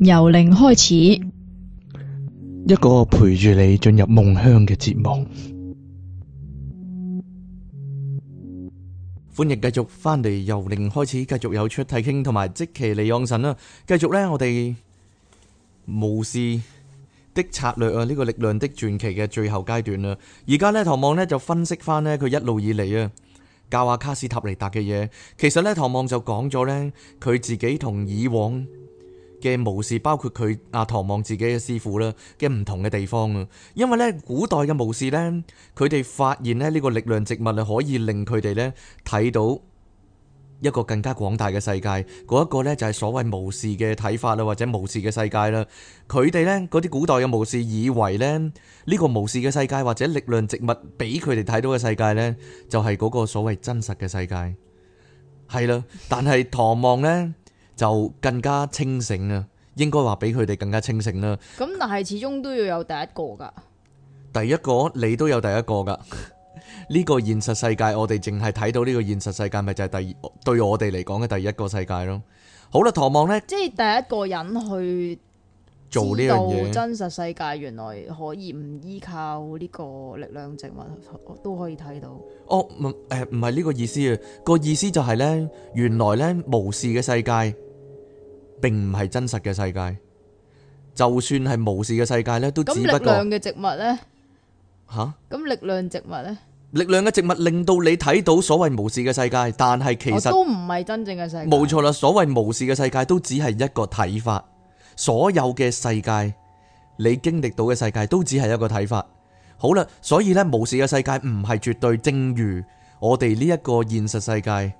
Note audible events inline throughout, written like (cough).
由零開始，一個陪住你進入夢鄉嘅節目，歡迎繼續翻嚟。由零開始，繼續有出體傾，同埋即期利昂神啦。繼續咧，我哋巫士的策略啊，呢個力量的傳奇嘅最後階段啦。而家咧，唐望呢就分析翻呢，佢一路以嚟啊教下卡斯塔尼達嘅嘢，其實咧，唐望就講咗咧，佢自己同以往。嘅巫士包括佢阿唐望自己嘅師父啦，嘅唔同嘅地方啊，因為咧古代嘅巫士咧，佢哋發現咧呢個力量植物係可以令佢哋咧睇到一個更加廣大嘅世界。嗰一個咧就係所謂巫士嘅睇法啦，或者巫士嘅世界啦。佢哋咧嗰啲古代嘅巫士以為咧呢個巫士嘅世界或者力量植物俾佢哋睇到嘅世界咧，就係嗰個所謂真實嘅世界。係啦，但係唐望咧。就更加清醒啊，應該話比佢哋更加清醒啦。咁但係始終都要有第一個㗎。第一個你都有第一個㗎。呢 (laughs) 個現實世界，我哋淨係睇到呢個現實世界，咪就係、是、第對我哋嚟講嘅第一個世界咯。好啦，唐望呢，即係第一個人去做知道真實世界原來可以唔依靠呢個力量植物都可以睇到。哦，唔誒，唔係呢個意思啊。個意思就係、是、呢，原來呢，無視嘅世界，並唔係真實嘅世界，就算係巫士嘅世界咧，都只不過力量嘅植物咧吓？咁、啊、力量植物咧？力量嘅植物令到你睇到所謂巫士嘅世界，但係其實都唔係真正嘅世界。冇錯啦，所謂巫士嘅世界都只係一個睇法。所有嘅世界，你經歷到嘅世界都只係一個睇法。好啦，所以呢，巫士嘅世界唔係絕對，正如我哋呢一個現實世界。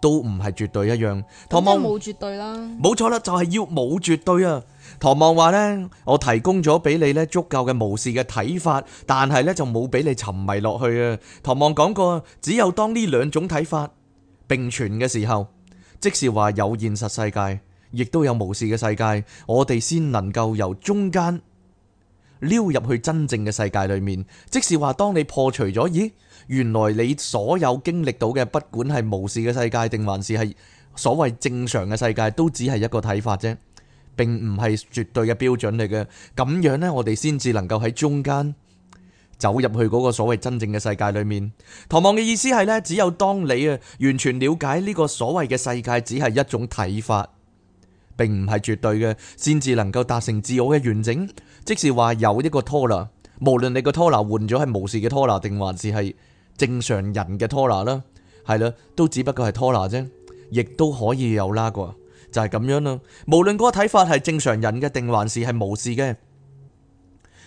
都唔係絕對一樣，唐望冇絕對啦，冇錯啦，就係要冇絕對啊。唐望話呢，我提供咗俾你呢足夠嘅巫士嘅睇法，但係呢就冇俾你沉迷落去啊。唐望講過，只有當呢兩種睇法並存嘅時候，即是話有現實世界，亦都有巫士嘅世界，我哋先能夠由中間溜入去真正嘅世界裏面。即是話，當你破除咗，咦？原來你所有經歷到嘅，不管係巫士嘅世界定還是係所謂正常嘅世界，都只係一個睇法啫，並唔係絕對嘅標準嚟嘅。咁樣咧，我哋先至能夠喺中間走入去嗰個所謂真正嘅世界裏面。唐望嘅意思係咧，只有當你啊完全瞭解呢個所謂嘅世界，只係一種睇法，並唔係絕對嘅，先至能夠達成自我嘅完整。即是話有一個拖拉，無論你個拖拉換咗係巫士嘅拖拉定還是係。正常人嘅拖拿啦，係啦，都只不過係拖拿啫，亦都可以有拉掛，就係咁樣啦。無論嗰個睇法係正常人嘅定還是係無事嘅。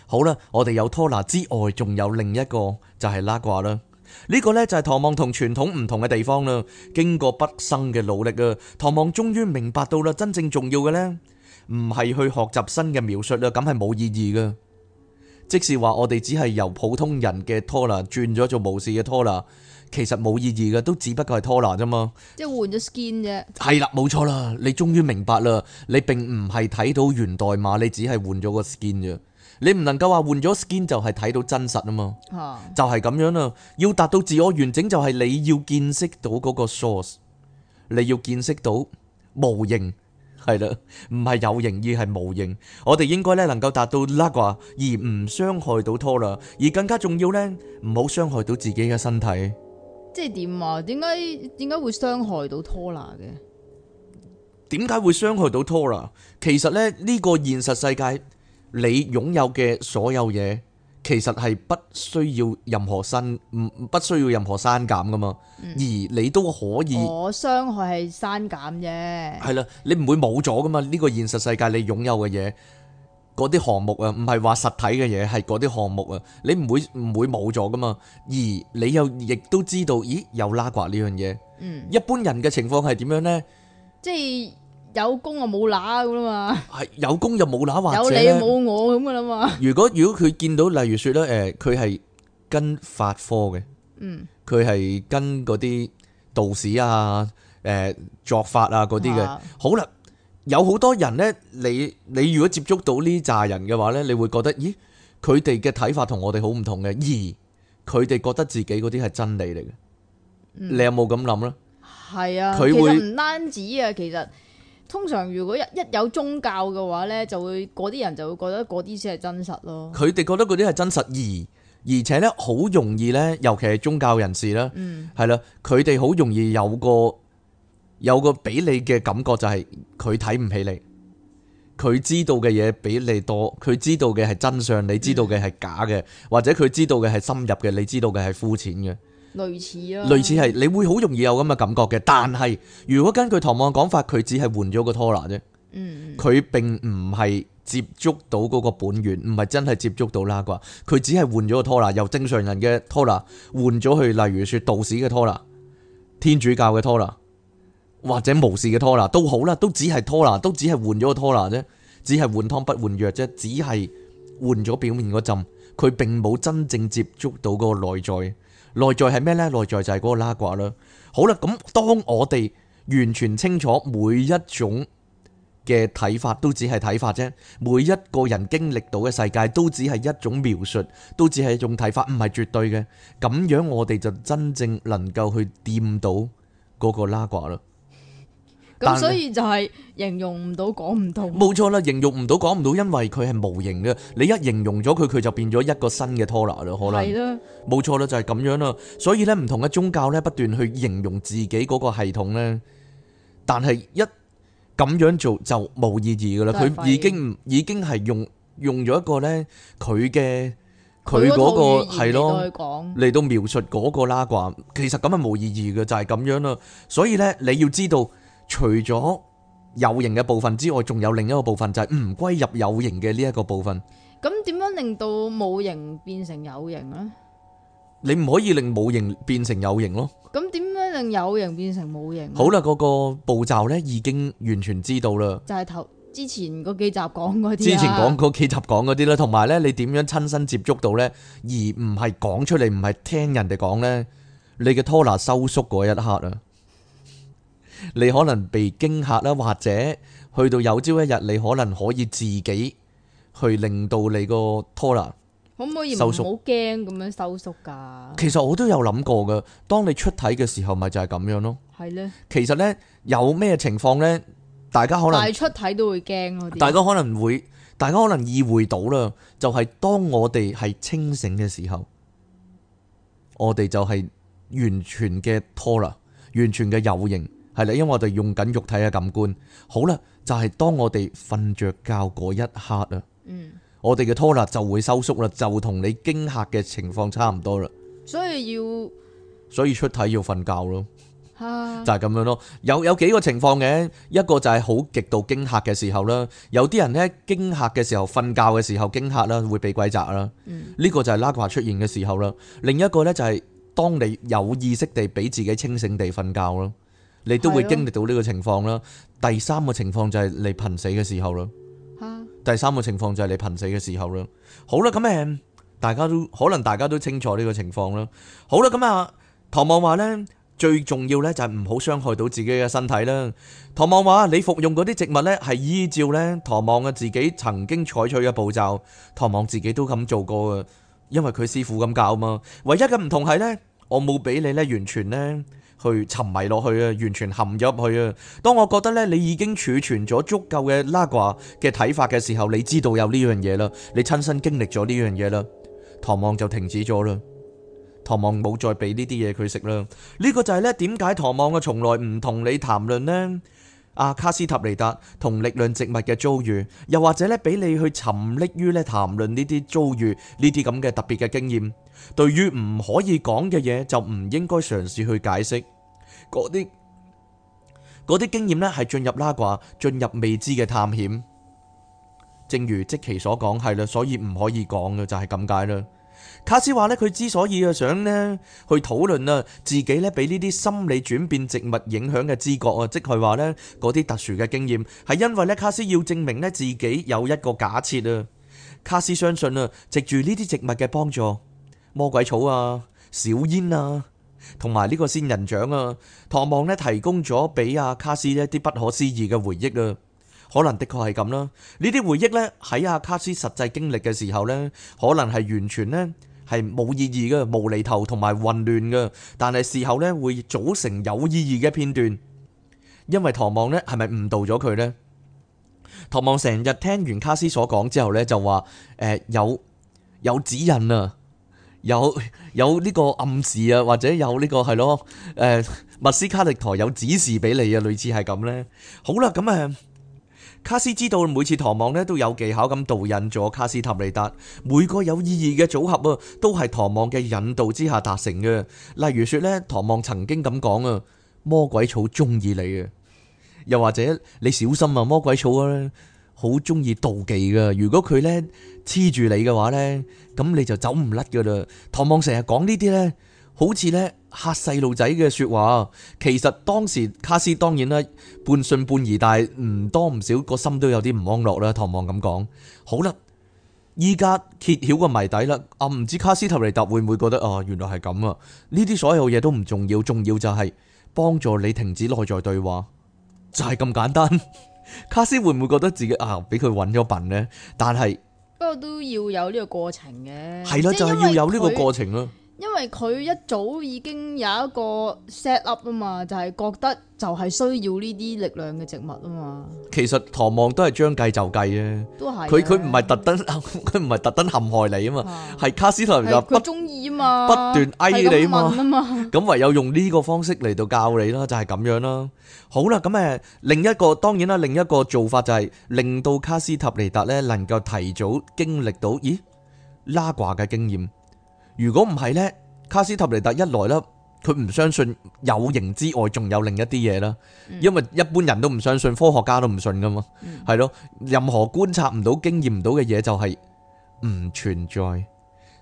好啦，我哋有拖拿之外，仲有另一個就係拉掛啦。呢個咧就係唐望同傳統唔同嘅地方啦。經過畢生嘅努力啊，唐望終於明白到啦，真正重要嘅咧，唔係去學習新嘅描述啦，咁係冇意義嘅。即是話我哋只係由普通人嘅拖拉轉咗做巫士嘅拖拉，其實冇意義嘅，都只不過係拖拉啫嘛。即係換咗 skin 啫。係啦，冇錯啦，你終於明白啦，你並唔係睇到源代碼，你只係換咗個 skin 啫。你唔能夠話換咗 skin 就係睇到真實啊嘛。哦。就係咁樣啦，要達到自我完整就係你要見識到嗰個 source，你要見識到無形。係啦，唔係有形而係無形，我哋應該咧能夠達到拉掛，而唔傷害到 Tora，而更加重要咧唔好傷害到自己嘅身體。即係點啊？點解點解會傷害到 Tora 嘅？點解會傷害到 Tora？其實咧呢個現實世界，你擁有嘅所有嘢。其實係不需要任何刪唔，不，不需要任何刪減噶嘛，嗯、而你都可以。我傷害係刪減啫。係啦，你唔會冇咗噶嘛。呢個現實世界你擁有嘅嘢，嗰啲項目啊，唔係話實體嘅嘢，係嗰啲項目啊，你唔會唔會冇咗噶嘛？而你又亦都知道，咦，有拉掛呢樣嘢。嗯。一般人嘅情況係點樣呢？即係。有公就冇乸咁啦嘛，係有公就冇乸，或者有你冇我咁噶啦嘛。如果如果佢見到，例如説咧，誒佢係跟法科嘅，嗯，佢係跟嗰啲道士啊，誒作法啊嗰啲嘅。好啦，有好多人咧，你你如果接觸到呢扎人嘅話咧，你會覺得，咦，佢哋嘅睇法同我哋好唔同嘅，而佢哋覺得自己嗰啲係真理嚟嘅，你有冇咁諗咧？係啊，佢會唔單止啊，其實。通常如果一一有宗教嘅話呢，就會嗰啲人就會覺得嗰啲先係真實咯。佢哋覺得嗰啲係真實，而而且呢，好容易呢，尤其係宗教人士啦，係啦、嗯，佢哋好容易有個有個俾你嘅感覺就係佢睇唔起你，佢知道嘅嘢比你多，佢知道嘅係真相，你知道嘅係假嘅，嗯、或者佢知道嘅係深入嘅，你知道嘅係膚淺嘅。類似啊，類似係你會好容易有咁嘅感覺嘅。但係如果根據唐望講法，佢只係換咗個拖拿啫，嗯，佢並唔係接觸到嗰個本源，唔係真係接觸到啦、那、啩、個？佢只係換咗個拖拿，由正常人嘅拖拿換咗去，例如說道士嘅拖拿、天主教嘅拖拿或者巫師嘅拖拿都好啦，都只係拖拿，都只係換咗個拖拿啫，只係換湯不換藥啫，只係換咗表面嗰浸，佢並冇真正接觸到嗰個內在。內在係咩呢？內在就係嗰個拉掛啦。好啦，咁當我哋完全清楚每一種嘅睇法都只係睇法啫，每一個人經歷到嘅世界都只係一種描述，都只係一種睇法，唔係絕對嘅。咁樣我哋就真正能夠去掂到嗰個拉掛啦。咁所以就係形容唔到，講唔到，冇錯啦。形容唔到，講唔到，因為佢係無形嘅。你一形容咗佢，佢就變咗一個新嘅拖拉咯。可能係咯，冇錯啦，就係咁樣啦。所以咧，唔同嘅宗教咧，不斷去形容自己嗰個系統咧，但係一咁樣做就冇意義噶啦。佢已經已經係用用咗一個咧佢嘅佢嗰個係咯嚟到描述嗰個啦啩。其實咁係冇意義嘅，就係咁樣啦。所以咧，你要知道。除咗有形嘅部分之外，仲有另一個部分就係唔歸入有形嘅呢一個部分。咁點樣令到冇形變成有形咧？你唔可以令冇形變成有形咯。咁點樣令有形變成冇形？好啦，嗰個步驟咧已經完全知道啦。就係頭之前嗰幾集講嗰啲啊。之前講嗰幾集講嗰啲啦，同埋咧你點樣親身接觸到咧，而唔係講出嚟，唔係聽人哋講咧，你嘅托納收縮嗰一刻啊！你可能被驚嚇啦，或者去到有朝一日，你可能可以自己去令到你個拖拉可唔可以，好驚咁樣收縮噶。其實我都有諗過噶，當你出體嘅時候，咪就係咁樣咯。係咧，其實咧有咩情況咧？大家可能大出體都會驚嗰啲。大家可能會，大家可能意會到啦，就係、是、當我哋係清醒嘅時候，我哋就係完全嘅拖拉，完全嘅有形。係啦，因為我哋用緊肉體嘅感官。好啦，就係、是、當我哋瞓着覺嗰一刻啊，嗯、我哋嘅拖勒就會收縮啦，就同你驚嚇嘅情況差唔多啦。所以要所以出體要瞓覺咯，哈就係咁樣咯。有有幾個情況嘅，一個就係好極度驚嚇嘅時候啦。有啲人咧驚嚇嘅時候，瞓覺嘅時候驚嚇啦，會被鬼責啦。呢、嗯、個就係拉掛出現嘅時候啦。另一個呢，就係當你有意識地俾自己清醒地瞓覺咯。你都會經歷到呢個情況啦。第三個情況就係你瀕死嘅時候啦。第三個情況就係你瀕死嘅時候啦。好啦，咁誒，大家都可能大家都清楚呢個情況啦。好啦，咁啊，唐望話呢，最重要呢就係唔好傷害到自己嘅身體啦。唐望話你服用嗰啲植物呢係依照呢唐望嘅自己曾經採取嘅步驟，唐望自己都咁做過嘅，因為佢師傅咁教嘛。唯一嘅唔同係呢，我冇俾你呢完全呢。去沉迷落去啊，完全陷入去啊。當我覺得咧你已經儲存咗足夠嘅拉掛嘅睇法嘅時候，你知道有呢樣嘢啦，你親身經歷咗呢樣嘢啦，唐望就停止咗啦。唐望冇再俾呢啲嘢佢食啦。呢個就係咧點解唐望啊，從來唔同你談論呢，阿卡斯塔尼達同力量植物嘅遭遇，又或者咧俾你去沉溺於咧談論呢啲遭遇呢啲咁嘅特別嘅經驗。對於唔可以講嘅嘢，就唔應該嘗試去解釋。嗰啲嗰啲經驗咧係進入拉掛，進入未知嘅探險。正如積奇所講係啦，所以唔可以講嘅就係咁解啦。卡斯話呢，佢之所以啊想呢去討論啦，自己呢俾呢啲心理轉變植物影響嘅知覺啊，即係話呢嗰啲特殊嘅經驗係因為呢卡斯要證明呢自己有一個假設啊。卡斯相信啊，藉住呢啲植物嘅幫助，魔鬼草啊，小煙啊。同埋呢個仙人掌啊，唐望呢提供咗俾阿卡斯一啲不可思議嘅回憶啊，可能的確係咁啦。呢啲回憶呢喺阿卡斯實際經歷嘅時候呢，可能係完全呢係冇意義嘅，無厘頭同埋混亂嘅，但係事後呢會組成有意義嘅片段。因為唐望呢係咪誤導咗佢呢？唐望成日聽完卡斯所講之後呢就話誒，有有指引啊！有有呢個暗示啊，或者有呢、這個係咯，誒、欸，麥斯卡力陀有指示俾你啊，類似係咁呢。好啦，咁、嗯、誒，卡斯知道每次唐望咧都有技巧咁導引咗卡斯塔利達，每個有意義嘅組合啊，都係唐望嘅引導之下達成嘅。例如説呢，唐望曾經咁講啊，魔鬼草中意你嘅，又或者你小心啊，魔鬼草啊。好中意妒忌噶，如果佢咧黐住你嘅話咧，咁你就走唔甩噶啦。唐望成日講呢啲咧，好似咧吓細路仔嘅說話。其實當時卡斯當然啦，半信半疑，但係唔多唔少個心都有啲唔安樂啦。唐望咁講，好啦，依家揭曉個謎底啦。啊，唔知卡斯特尼達會唔會覺得哦，原來係咁啊？呢啲所有嘢都唔重要，重要就係幫助你停止內在對話，就係咁簡單。卡斯會唔會覺得自己啊俾佢搵咗笨咧？但係不過都要有呢個過程嘅，係啦，就係、是、要有呢個過程咯。因為佢一早已經有一個 set up 啊嘛，就係覺得就係需要呢啲力量嘅植物啊嘛。其實唐望都係將計就計啊，都係佢佢唔係特登，佢唔係特登陷害你啊嘛，係卡斯塔尼達佢唔中意啊嘛，不斷翳你啊嘛，咁唯有用呢個方式嚟到教你啦，就係咁樣啦。好啦，咁誒，另一個當然啦，另一個做法就係令到卡斯塔尼達咧能夠提早經歷到咦拉掛嘅經驗。如果唔係呢，卡斯托尼特一來啦，佢唔相信有形之外仲有另一啲嘢，啦，因為一般人都唔相信，科學家都唔信噶嘛，係咯，任何觀察唔到、經驗唔到嘅嘢就係唔存在。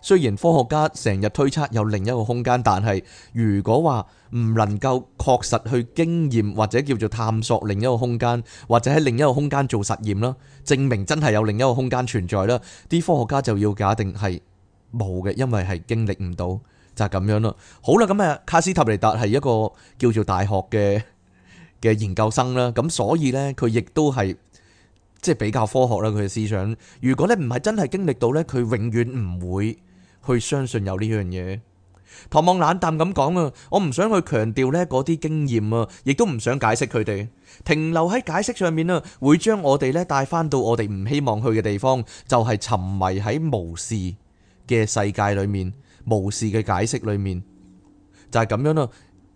雖然科學家成日推測有另一個空間，但係如果話唔能夠確實去經驗或者叫做探索另一個空間，或者喺另一個空間做實驗啦，證明真係有另一個空間存在啦，啲科學家就要假定係。冇嘅，因為係經歷唔到就係咁樣咯。好啦，咁啊，卡斯塔尼達係一個叫做大學嘅嘅研究生啦。咁所以咧，佢亦都係即係比較科學啦。佢嘅思想如果咧，唔係真係經歷到咧，佢永遠唔會去相信有呢樣嘢。唐望冷淡咁講啊，我唔想去強調咧嗰啲經驗啊，亦都唔想解釋佢哋，停留喺解釋上面啊，會將我哋咧帶翻到我哋唔希望去嘅地方，就係沉迷喺無視嘅世界裏面，無視嘅解釋裏面就係、是、咁樣咯。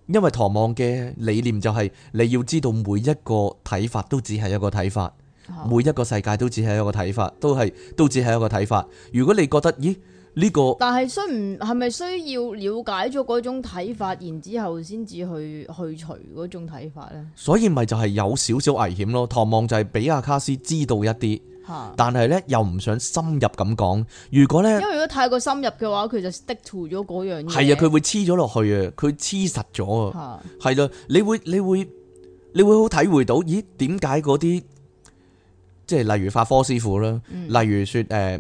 因為唐望嘅理念就係、是、你要知道每一個睇法都只係一個睇法，啊、每一個世界都只係一個睇法，都係都只係一個睇法。如果你覺得，咦、呢、這個，但係需唔係咪需要了解咗嗰種睇法，然之後先至去去除嗰種睇法呢？所以咪就係有少少危險咯。唐望就係俾阿卡斯知道一啲。但係咧又唔想深入咁講，如果咧，因為如果太過深入嘅話，佢就 stick to 咗嗰樣嘢，係啊，佢的的會黐咗落去啊，佢黐實咗啊，係咯，你會你會你會好體會到，咦，點解嗰啲即係例如法科師傅啦，嗯、例如說誒、呃，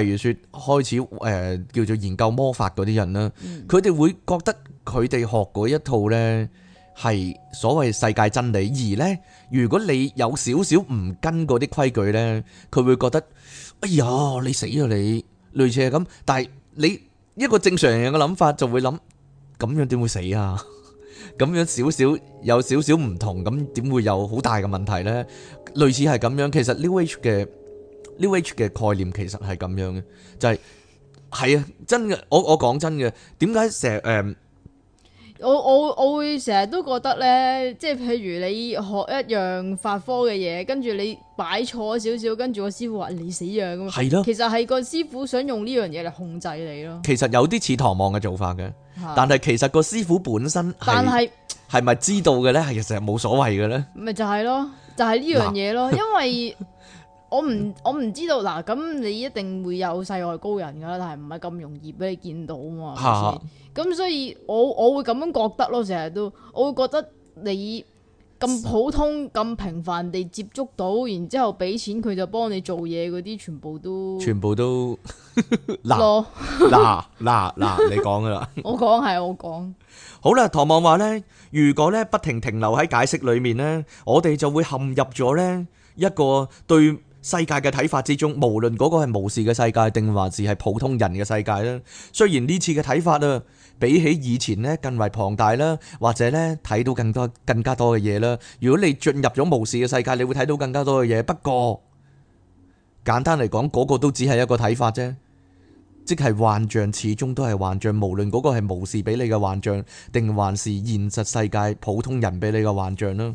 例如說，開始誒、呃、叫做研究魔法嗰啲人啦，佢哋、嗯、會覺得佢哋學嗰一套咧。係所謂世界真理，而咧，如果你有少少唔跟嗰啲規矩咧，佢會覺得，哎呀，你死咗你，類似係咁。但係你一個正常人嘅諗法就會諗，咁樣點會死啊？咁樣少少有少少唔同，咁點會有好大嘅問題咧？類似係咁樣，其實 New Age 嘅 New Age 嘅概念其實係咁樣嘅，就係係啊，真嘅，我我講真嘅，點解成日誒？我我我會成日都覺得咧，即係譬如你學一樣法科嘅嘢，跟住你擺錯少少，跟住的個師傅話你死啊，咁。係咯是，其實係個師傅想用呢樣嘢嚟控制你咯。其實有啲似唐望嘅做法嘅，但係其實個師傅本身，但係係咪知道嘅咧？係其實係冇所謂嘅咧。咪就係咯，就係呢樣嘢咯， (laughs) 因為。我唔我唔知道嗱，咁你一定會有世外高人噶啦，但係唔係咁容易俾你見到啊嘛。咁所以，我我會咁樣覺得咯，成日都我會覺得，你咁普通咁平凡地接觸到，然之後俾錢佢就幫你做嘢嗰啲，全部都全部都嗱嗱嗱嗱，你講噶啦。我講係我講。好啦，唐望話咧，如果咧不停停留喺解釋裏面咧，我哋就會陷入咗咧一個對。世界嘅睇法之中，無論嗰個係巫士嘅世界，定還是係普通人嘅世界啦。雖然呢次嘅睇法啦，比起以前呢，更為龐大啦，或者呢，睇到更多更加多嘅嘢啦。如果你進入咗巫士嘅世界，你會睇到更加多嘅嘢。不過簡單嚟講，嗰個都只係一個睇法啫，即係幻象，始終都係幻象。無論嗰個係巫士俾你嘅幻象，定還是現實世界普通人俾你嘅幻象啦。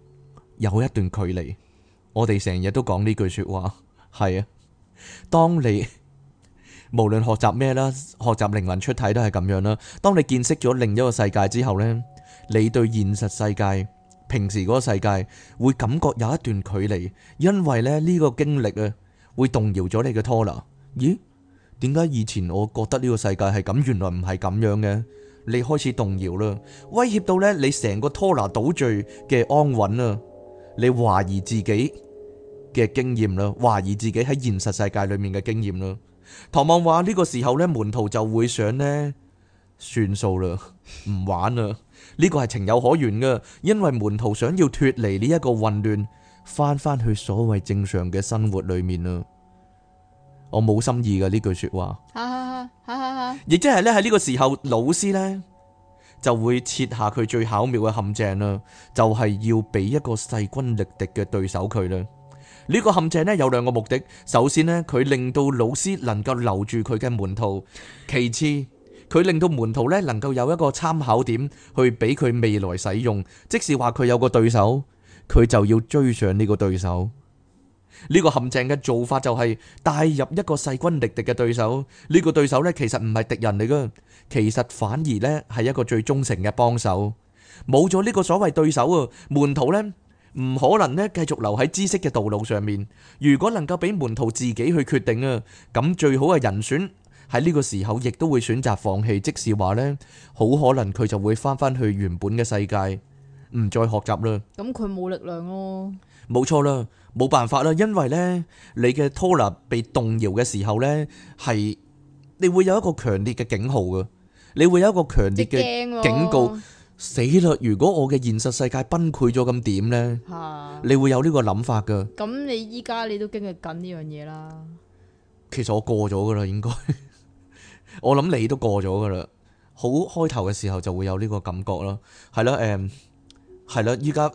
有一段距離，我哋成日都講呢句說話係啊。當你無論學習咩啦，學習靈魂出體都係咁樣啦。當你見識咗另一個世界之後呢，你對現實世界平時嗰個世界會感覺有一段距離，因為呢，呢個經歷啊會動搖咗你嘅拖拿。咦？點解以前我覺得呢個世界係咁，原來唔係咁樣嘅？你開始動搖啦，威脅到呢，你成個拖拿倒序嘅安穩啊！你懷疑自己嘅經驗啦，懷疑自己喺現實世界裏面嘅經驗啦。唐望話呢個時候咧，門徒就會想呢，算數啦，唔玩啦。呢個係情有可原噶，因為門徒想要脫離呢一個混亂，翻翻去所謂正常嘅生活裏面啊。我冇心意噶呢句說話，哈哈哈，哈哈哈。亦即係咧，喺呢個時候，老師咧。就會設下佢最巧妙嘅陷阱啦，就係要俾一個勢均力敵嘅對手佢啦。呢個陷阱呢，有兩個目的，首先呢，佢令到老師能夠留住佢嘅門徒，其次佢令到門徒呢能夠有一個參考點去俾佢未來使用，即使話佢有個對手，佢就要追上呢個對手。呢個陷阱嘅做法就係帶入一個勢均力敵嘅對手。呢個對手呢，其實唔係敵人嚟噶，其實反而呢係一個最忠誠嘅幫手。冇咗呢個所謂對手啊，門徒呢唔可能呢繼續留喺知識嘅道路上面。如果能夠俾門徒自己去決定啊，咁最好嘅人選喺呢個時候亦都會選擇放棄，即是話呢，好可能佢就會翻返去原本嘅世界，唔再學習啦。咁佢冇力量咯，啊，冇錯啦。冇辦法啦，因為咧你嘅 tonal 被動搖嘅時候咧，係你會有一個強烈嘅警號噶，你會有一個強烈嘅警告，死啦！如果我嘅現實世界崩潰咗咁點咧？你會有呢個諗法噶？咁你依家你都經歷緊呢樣嘢啦。其實我過咗噶啦，應該我諗你都過咗噶啦。好開頭嘅時候就會有呢個感覺啦，係啦，誒，係啦，依家。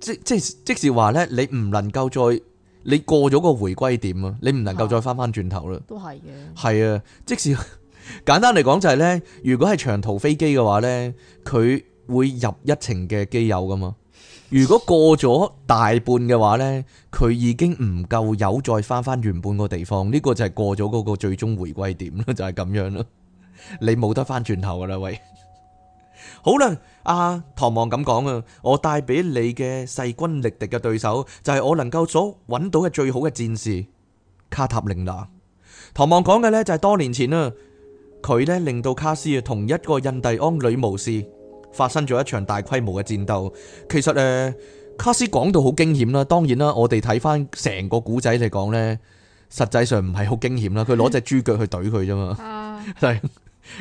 即即即是話咧，你唔能夠再你過咗個回歸點啊，你唔能夠再翻翻轉頭啦。都係嘅。係啊，即是簡單嚟講就係呢：如果係長途飛機嘅話呢，佢會入一程嘅機油噶嘛。如果過咗大半嘅話呢，佢已經唔夠油再翻翻原本個地方，呢個就係過咗嗰個最終回歸點咯，就係咁樣啦。你冇得翻轉頭噶啦，喂！好啦，阿唐望咁講啊，我帶俾你嘅勢均力敵嘅對手就係我能夠所揾到嘅最好嘅戰士卡塔玲娜。唐望講嘅呢就係多年前啊，佢呢令到卡斯啊同一個印第安女巫師發生咗一場大規模嘅戰鬥。其實誒，卡斯講到好驚險啦，當然啦，我哋睇翻成個古仔嚟講呢，實際上唔係好驚險啦。佢攞隻豬腳去懟佢啫嘛，係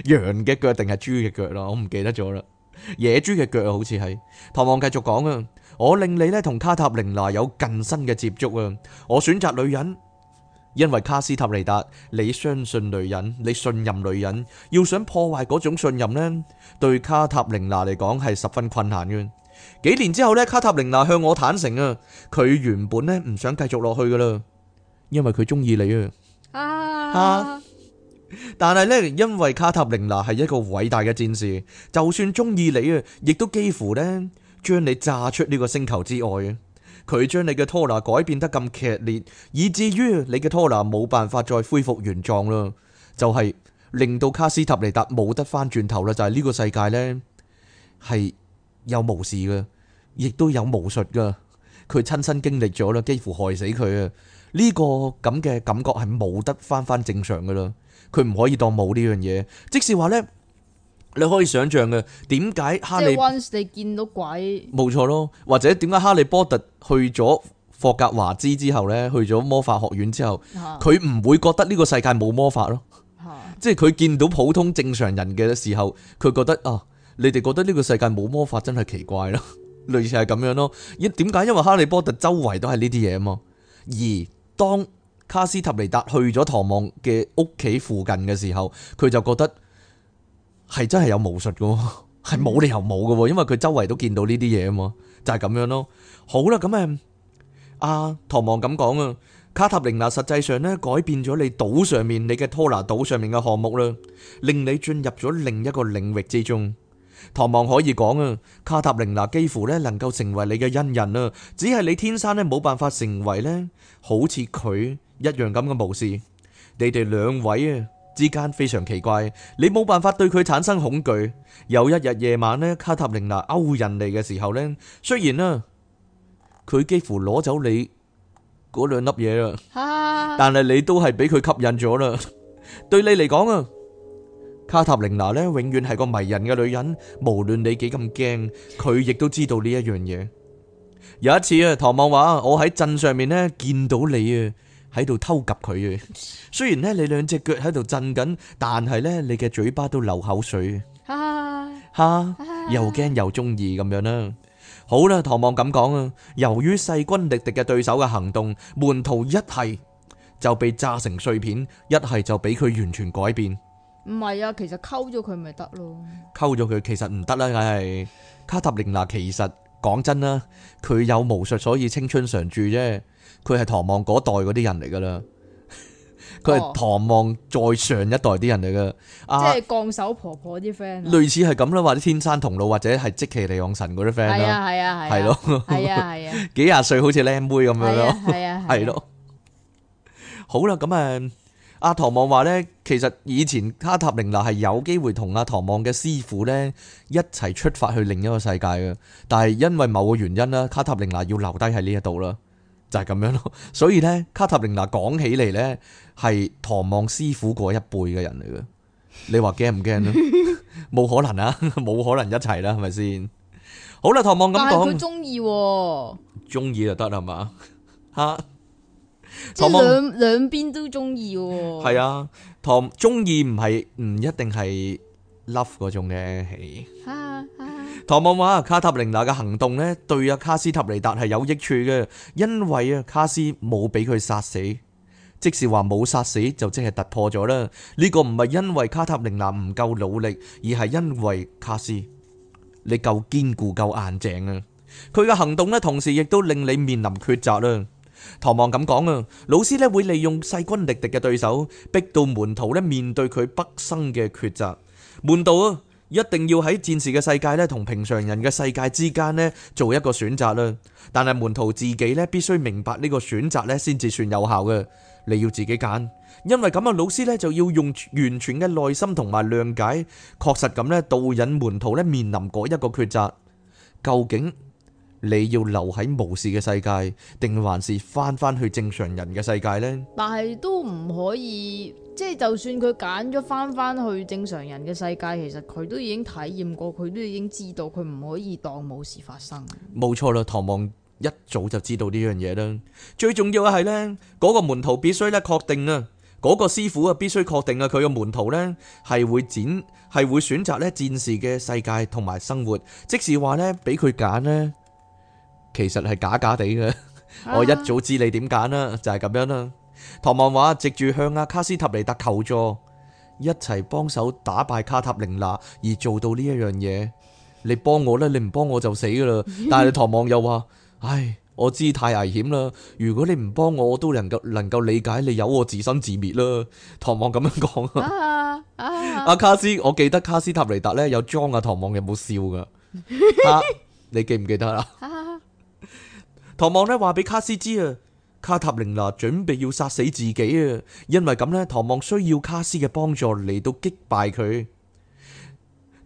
羊嘅腳定係豬嘅腳咯？我唔記得咗啦。野豬嘅腳啊，好似係。唐望繼續講啊，我令你咧同卡塔琳娜有更深嘅接觸啊，我選擇女人，因為卡斯塔尼達，你相信女人，你信任女人，要想破壞嗰種信任咧，對卡塔琳娜嚟講係十分困難嘅。幾年之後咧，卡塔琳娜向我坦誠啊，佢原本咧唔想繼續落去噶啦，因為佢中意你啊。啊。但係呢，因為卡塔琳娜係一個偉大嘅戰士，就算中意你啊，亦都幾乎呢將你炸出呢個星球之外啊。佢將你嘅拖拿改變得咁劇烈，以至於你嘅拖拿冇辦法再恢復原狀啦，就係、是、令到卡斯塔尼達冇得翻轉頭啦。就係、是、呢個世界呢，係有巫事嘅，亦都有巫術噶。佢親身經歷咗啦，幾乎害死佢啊。呢、這個咁嘅感覺係冇得翻翻正常噶啦。佢唔可以當冇呢樣嘢，即使話呢，你可以想象嘅點解哈利？即係見到鬼，冇 (noise) 錯樂 (music) 咯。或者點解哈利波特去咗霍格華茲之後呢，去咗魔法學院之後，佢唔 (music) 會覺得呢個世界冇魔法咯？即係佢見到普通正常人嘅時候，佢覺得啊，你哋覺得呢個世界冇魔法真係奇怪咯，類似係咁樣咯。咦點解？因為哈利波特周圍都係呢啲嘢啊嘛，而當。卡斯塔尼達去咗唐望嘅屋企附近嘅時候，佢就覺得係真係有巫術噶，係冇理由冇噶喎，因為佢周圍都見到呢啲嘢啊嘛，就係咁樣咯。好啦，咁啊，阿唐望咁講啊，卡塔琳娜實際上咧改變咗你島上面你嘅托納島上面嘅項目啦，令你進入咗另一個領域之中。唐望可以講啊，卡塔琳娜幾乎咧能夠成為你嘅恩人啊，只係你天生咧冇辦法成為咧，好似佢。一樣咁嘅模式，你哋兩位啊，之間非常奇怪，你冇辦法對佢產生恐懼。有一日夜晚呢，卡塔琳娜勾人嚟嘅時候呢，雖然啊，佢幾乎攞走你嗰兩粒嘢啊，但係你都係俾佢吸引咗啦。 (laughs) 對你嚟講啊，卡塔琳娜呢永遠係個迷人嘅女人，無論你幾咁驚，佢亦都知道呢一樣嘢。有一次啊，唐望話我喺鎮上面呢見到你啊。喺度偷襲佢啊！雖然咧你兩隻腳喺度震緊，但係咧你嘅嘴巴都流口水啊！吓，又驚又中意咁樣啦。好啦，唐望咁講啊，由於勢均力敵嘅對手嘅行動，門徒一係就被炸成碎片，一係就俾佢完全改變。唔係啊，其實溝咗佢咪得咯。溝咗佢其實唔得啦，梗係卡塔琳娜。其實講真啦，佢有巫術，所以青春常駐啫。佢係唐望嗰代嗰啲人嚟噶啦，佢 (laughs) 係唐望再上一代啲人嚟噶。哦啊、即係降手婆婆啲 friend、啊。類似係咁啦，或者天山同路，或者係即奇利養神嗰啲 friend 係係咯。係啊，係啊。幾廿歲好似靚妹咁樣咯。係啊。係咯。好啦，咁啊，阿唐望話咧，其實以前卡塔琳娜係有機會同阿、啊、唐望嘅師傅咧一齊出發去另一個世界噶，但係因為某個原因啦，卡塔琳娜要留低喺呢一度啦。就係咁樣咯，所以咧，卡塔琳娜講起嚟咧，係唐望師傅過一輩嘅人嚟嘅，你話驚唔驚咧？冇可能啊，冇可能一齊啦，係咪先？好啦，唐望咁講，但係佢中意，中意就得係嘛？吓， (laughs) 即係兩唐望兩兩邊都中意，哦，係啊，唐中意唔係唔一定係 love 嗰種嘅戲。 (laughs) 唐望話：卡塔琳娜嘅行動咧，對阿卡斯塔尼達係有益處嘅，因為啊，卡斯冇俾佢殺死，即使話冇殺死就即係突破咗啦。呢、這個唔係因為卡塔琳娜唔夠努力，而係因為卡斯你夠堅固夠硬淨啊！佢嘅行動咧，同時亦都令你面臨抉擇啦。唐望咁講啊，老師咧會利用勢均力敵嘅對手，逼到門徒咧面對佢畢生嘅抉擇。門道啊！一定要喺戰士嘅世界呢，同平常人嘅世界之間呢，做一個選擇啦。但係門徒自己呢，必須明白呢個選擇呢，先至算有效嘅。你要自己揀，因為咁啊，老師呢，就要用完全嘅耐心同埋諒解，確實咁呢，導引門徒呢，面臨嗰一個抉擇。究竟你要留喺巫士嘅世界，定還是翻翻去正常人嘅世界呢？但係都唔可以。即係就算佢揀咗返返去正常人嘅世界，其實佢都已經體驗過，佢都已經知道佢唔可以當冇事發生。冇錯啦，唐望一早就知道呢樣嘢啦。最重要嘅係咧，嗰、那個門徒必須咧確定啊，嗰、那個師傅啊必須確定啊，佢個門徒呢係會揀，係會選擇咧戰士嘅世界同埋生活。即使話呢俾佢揀呢。其實係假假地嘅。啊、 (laughs) 我一早知你點揀啦，就係、是、咁樣啦。唐望話：藉住向阿卡斯塔尼達求助，一齊幫手打敗卡塔琳娜，而做到呢一樣嘢。你幫我咧，你唔幫我就死噶啦。但係唐望又話： (laughs) 唉，我知太危險啦。如果你唔幫我，我都能夠能夠理解你，由我自生自滅啦。唐望咁樣講。阿卡斯，啊啊啊啊、我記得卡斯塔尼達呢有裝啊。唐望有冇笑噶？啊、 (laughs) 你記唔記得啦？唐望呢話俾卡斯知啊。卡塔琳娜準備要殺死自己啊，因為咁呢，唐望需要卡斯嘅幫助嚟到擊敗佢。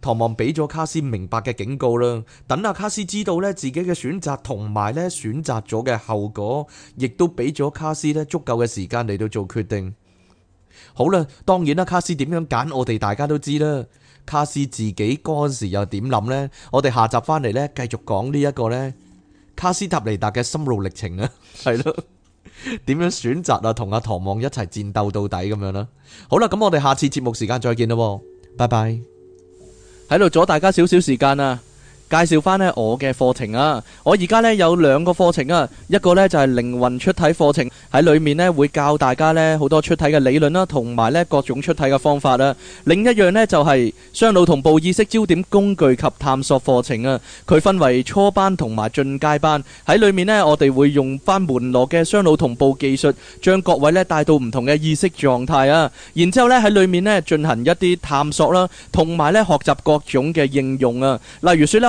唐望俾咗卡斯明白嘅警告啦，等阿卡斯知道呢自己嘅選擇同埋呢選擇咗嘅後果，亦都俾咗卡斯呢足夠嘅時間嚟到做決定。好啦，當然啦，卡斯點樣揀我哋大家都知啦。卡斯自己嗰陣時又點諗呢？我哋下集翻嚟呢繼續講呢一個呢卡斯塔尼達嘅心路歷程啊，係咯。點 (laughs) 樣選擇啊？同阿唐望一齊戰鬥到底咁樣啦。好啦，咁我哋下次節目時間再見啦。拜拜，喺度阻大家少少時間啊，介紹翻咧我嘅課程啊！我而家咧有兩個課程啊，一個咧就係靈魂出體課程，喺裡面咧會教大家咧好多出體嘅理論啦，同埋咧各種出體嘅方法啦。另一樣咧就係雙腦同步意識焦點工具及探索課程啊。佢分為初班同埋進階班，喺裡面咧我哋會用翻門羅嘅雙腦同步技術，將各位咧帶到唔同嘅意識狀態啊。然之後咧喺裡面咧進行一啲探索啦，同埋咧學習各種嘅應用啊。例如説咧。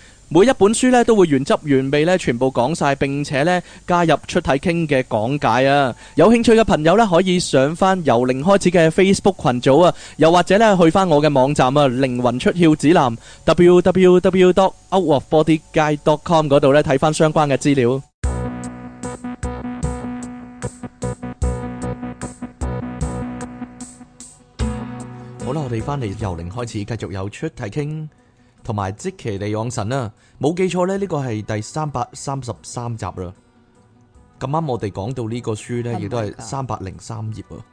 每一本書咧都會原汁原味咧全部講晒，並且咧加入出體傾嘅講解啊！有興趣嘅朋友咧可以上翻由零開始嘅 Facebook 群組啊，又或者咧去翻我嘅網站啊靈魂出竅指南 www.outofbodyguide.com 嗰度咧睇翻相關嘅資料。好啦，我哋翻嚟由零開始，繼續有出體傾。同埋即其地往神啦，冇記錯呢，呢個係第三百三十三集啦。咁啱我哋講到呢個書呢，亦都係三百零三頁啊。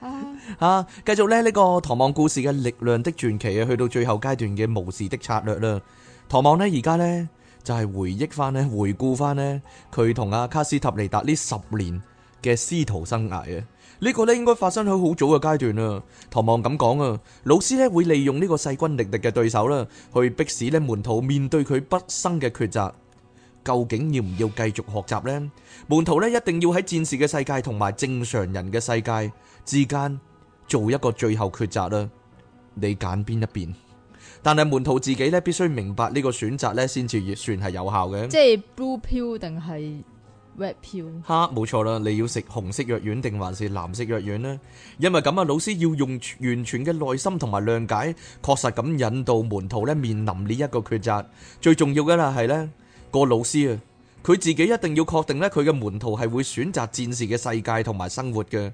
吓吓，繼續咧呢個《唐望故事》嘅力量的傳奇啊，去到最後階段嘅巫士的策略啦。唐望呢，而家呢，就係、是、回憶翻呢，回顧翻呢，佢同阿卡斯塔尼達呢十年。嘅師徒生涯啊，呢、這個咧，應該發生喺好早嘅階段啊，唐望咁講啊，老師咧，會利用呢個勢均力敵嘅對手啦，去逼使呢門徒面對佢畢生嘅抉擇究竟要唔要繼續學習呢？門徒咧，一定要喺戰士嘅世界同埋正常人嘅世界之間做一個最後抉擇啦。你揀邊一邊？但係門徒自己呢，必須明白呢個選擇呢，先至算係有效嘅。即係 blue pill 定係？哈，冇錯啦！你要食紅色藥丸定還是藍色藥丸呢？因為咁啊，老師要用完全嘅耐心同埋諒解，確實咁引導門徒咧面臨呢一個抉擇。最重要嘅啦係呢個老師啊，佢自己一定要確定呢，佢嘅門徒係會選擇戰士嘅世界同埋生活嘅。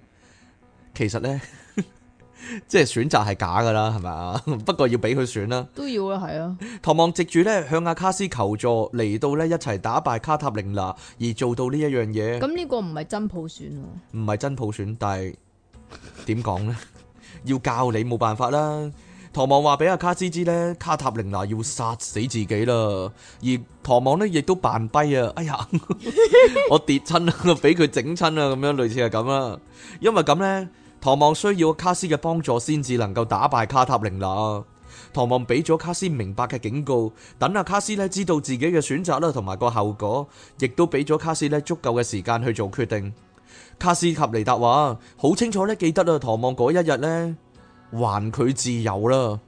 其實呢。 (laughs) 即係選擇係假噶啦，係咪？ (laughs) 不過要俾佢選啦，都要啊，係啊！唐望藉住咧向阿卡斯求助，嚟到咧一齊打敗卡塔玲娜，而做到呢一樣嘢。咁呢、嗯這個唔係真普選，唔係真普選，但係點講咧？呢 (laughs) 要教你冇辦法啦！唐望話俾阿卡斯知咧，卡塔玲娜要殺死自己啦，而唐望呢亦都扮跛啊！哎呀， (laughs) (laughs) (laughs) 我跌親倒，俾佢整親啊！咁樣類似係咁啦，因為咁咧。唐望需要卡斯嘅幫助，先至能夠打敗卡塔玲娜。唐望俾咗卡斯明白嘅警告，等阿卡斯咧知道自己嘅選擇啦，同埋個後果，亦都俾咗卡斯咧足夠嘅時間去做決定。卡斯及尼達話好清楚咧，記得啦。唐望嗰一日咧還佢自由啦。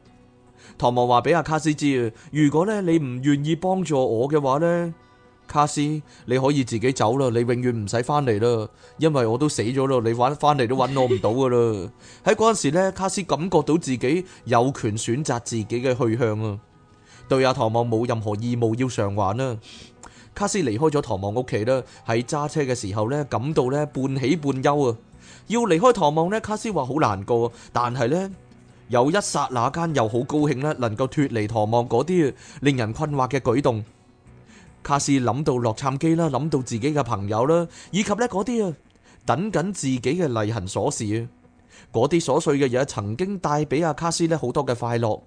唐望話俾阿卡斯知，如果咧你唔願意幫助我嘅話咧，卡斯，你可以自己走啦，你永遠唔使翻嚟啦，因為我都死咗啦，你翻翻嚟都揾我唔到噶啦。喺嗰陣時呢，卡斯感覺到自己有權選擇自己嘅去向啊，對阿唐望冇任何義務要償還啦。卡斯離開咗唐望屋企啦，喺揸車嘅時候呢，感到呢半喜半憂啊。要離開唐望呢，卡斯話好難過，但係呢，有一剎那間又好高興呢，能夠脫離唐望嗰啲令人困惑嘅舉動。卡斯諗到洛杉磯啦，諗到自己嘅朋友啦，以及咧嗰啲啊，等緊自己嘅例行瑣事。啊，嗰啲瑣碎嘅嘢曾經帶俾阿卡斯咧好多嘅快樂。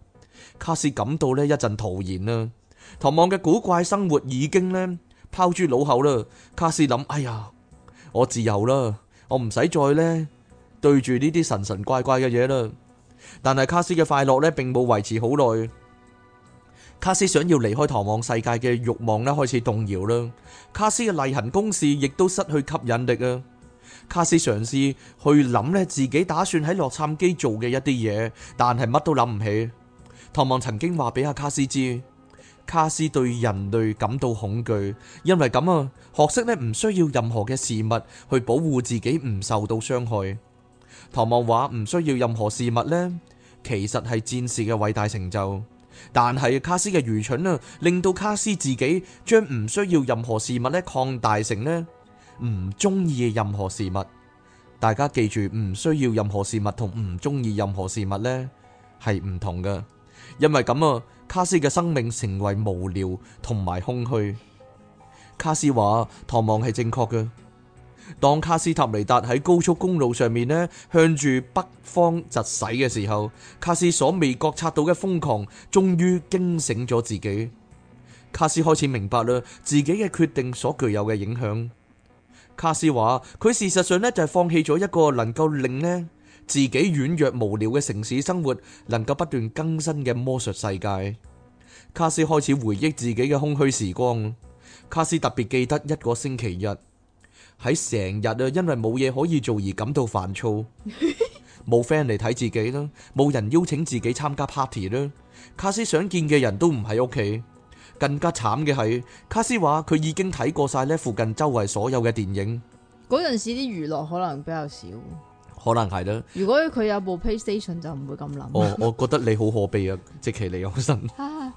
卡斯感到呢一陣陶然啦，唐望嘅古怪生活已經呢拋諸腦後啦。卡斯諗，哎呀，我自由啦，我唔使再呢對住呢啲神神怪怪嘅嘢啦。但係卡斯嘅快樂呢，並冇維持好耐。卡斯想要離開唐望世界嘅欲望咧開始動搖啦，卡斯嘅例行公事亦都失去吸引力啊！卡斯嘗試去諗咧自己打算喺洛杉磯做嘅一啲嘢，但係乜都諗唔起。唐望曾經話俾阿卡斯知，卡斯對人類感到恐懼，因為咁啊，學識咧唔需要任何嘅事物去保護自己唔受到傷害。唐望話唔需要任何事物呢，其實係戰士嘅偉大成就。但係卡斯嘅愚蠢啊，令到卡斯自己將唔需要任何事物咧，擴大成呢唔中意嘅任何事物。大家記住，唔需要任何事物同唔中意任何事物呢係唔同嘅。因為咁啊，卡斯嘅生命成為無聊同埋空虛。卡斯話唐望係正確嘅。當卡斯塔尼達喺高速公路上面呢，向住北方疾駛嘅時候，卡斯所未覺察到嘅瘋狂終於驚醒咗自己。卡斯開始明白啦，自己嘅決定所具有嘅影響。卡斯話：佢事實上呢，就係放棄咗一個能夠令呢自己軟弱無聊嘅城市生活能夠不斷更新嘅魔術世界。卡斯開始回憶自己嘅空虛時光。卡斯特別記得一個星期日。喺成日啊，因為冇嘢可以做而感到煩躁，冇 friend 嚟睇自己啦，冇人邀請自己參加 party 啦，卡斯想見嘅人都唔喺屋企，更加慘嘅係卡斯話佢已經睇過晒呢附近周圍所有嘅電影。嗰陣時啲娛樂可能比較少，可能係啦。如果佢有部 PlayStation 就唔會咁諗。我、 (laughs) oh, 我覺得你好可悲啊，即其你有身。 (laughs)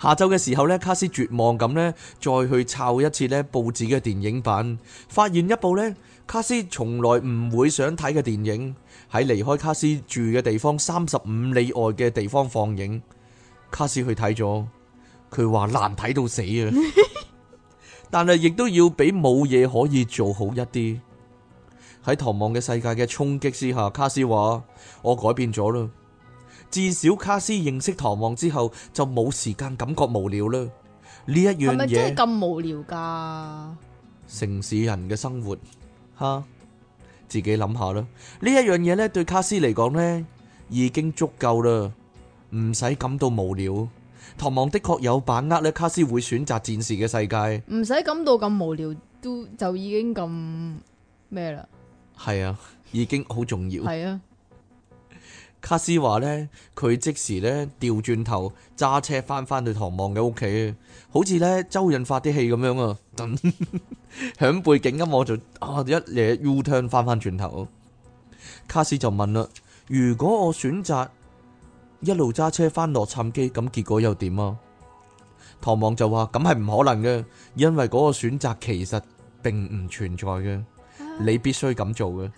下周嘅時候呢，卡斯絕望咁呢，再去抄一次呢報紙嘅電影版，發現一部呢卡斯從來唔會想睇嘅電影喺離開卡斯住嘅地方三十五里外嘅地方放映，卡斯去睇咗，佢話難睇到死啊，但係亦都要比冇嘢可以做好一啲，喺逃亡嘅世界嘅衝擊之下，卡斯話我改變咗啦。至少卡斯認識唐望之後就冇時間感覺無聊啦。呢一樣嘢係咪真係咁無聊噶？城市人嘅生活，吓自己諗下啦。呢一樣嘢呢對卡斯嚟講呢已經足夠啦，唔使感到無聊。唐望的確有把握呢，卡斯會選擇戰士嘅世界。唔使感到咁無聊都就已經咁咩啦？係啊，已經好重要。係啊。卡斯話呢，佢即時呢掉轉頭揸車翻翻去唐望嘅屋企，好似呢周潤發啲戲咁樣 (laughs) 啊！響背景，咁我就一嘢 U turn 翻翻轉回回頭，卡斯就問啦：如果我選擇一路揸車翻洛杉磯，咁結果又點啊？唐望就話：咁係唔可能嘅，因為嗰個選擇其實並唔存在嘅，你必須咁做嘅。